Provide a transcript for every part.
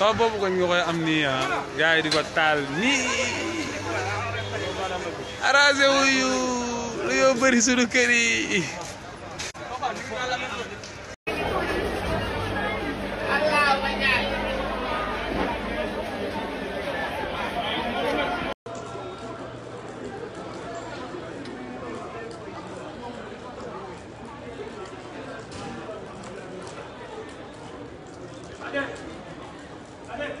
sama boobu ko ñu koy am nii ah gars yi taal nii arrangé wuyu lu yoo bëri suñu Allez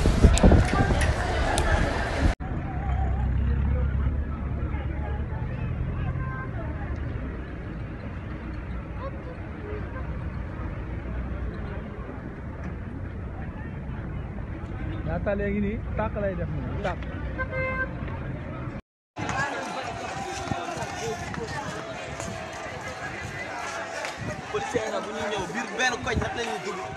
laata léegi nii tàq lay def nii tàq. policier yi nag bu biir benn koñ nag la ñuy dugg.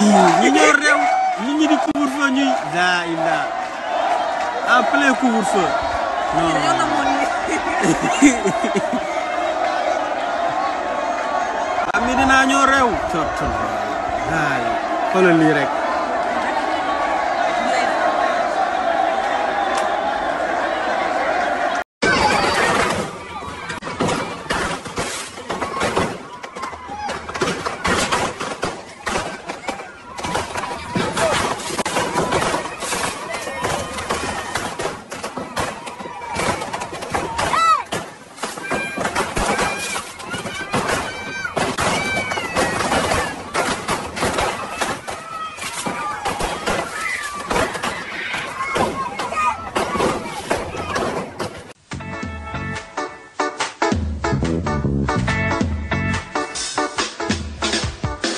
ñu ñor réew nit ñi di couvre-feu ñuy daa illa en plein couvre-feu non am mi dinaa ñor réew tot tot waay xoolal lii rek